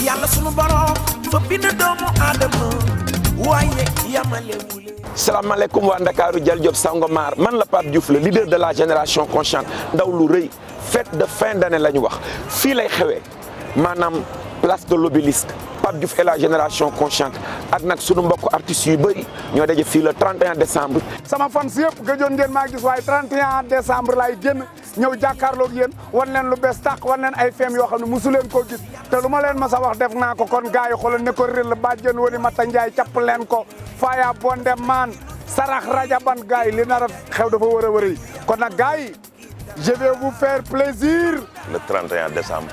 Salam alaikum borom fa bind Diop Sangomar man la Pape Diouf le leader de la génération consciente ndaw reuy fête de fin d'année la wax fi lay xewé place de l'obélisque Pape Diouf et la génération consciente ak nag sunu mbokk artiste yu bëri ñoo daje fii le 31 décembre. sama fans yëpp gëjoon ngeen maa gis waaye 31 décembre laay génn ñëw jàkkaarloog yéen wan leen lu bees tàq wan leen ay feem yoo xam ne mosu leen koo gis te lu ma leen mas a wax def naa kon gars yi xoolal ne ko ril bàjjen woni Mata Ndiaye capp leen ko Faya Bonde maan sarax rajaban gars yi li nar a xew dafa wër a kon nag gars je vais vous faire plaisir. le 31 décembre.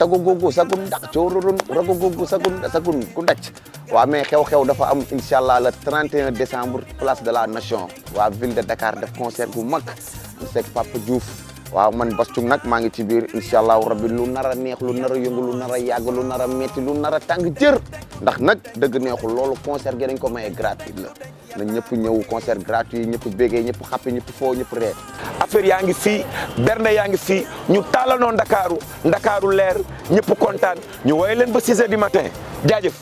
sagum gogo sagum dak cororun rago gogo sagum sagum ku dac wa me xew xew dafa am inshallah le 31 décembre place de la nation wa ville de dakar def concert bu mak sek papa diouf wa man bastung nak ma ngi ci bir inshallah rabbi lu nara neex lu nara yeng lu nara yag lu nara metti lu nara tang jër ndax nak deug neexul lolu concert gi dañ ko maye gratuit la na ñëpp concert gratuit ñepp bégee ñepp xappi ñepp fo ñepp ree affaire yaa ngi fii bernde yaa ngi fii ñu tàllanoo ndakaaru ndakaaru leer ñëpp kontaan ñu woye leen ba 6 heures du matin jaajëf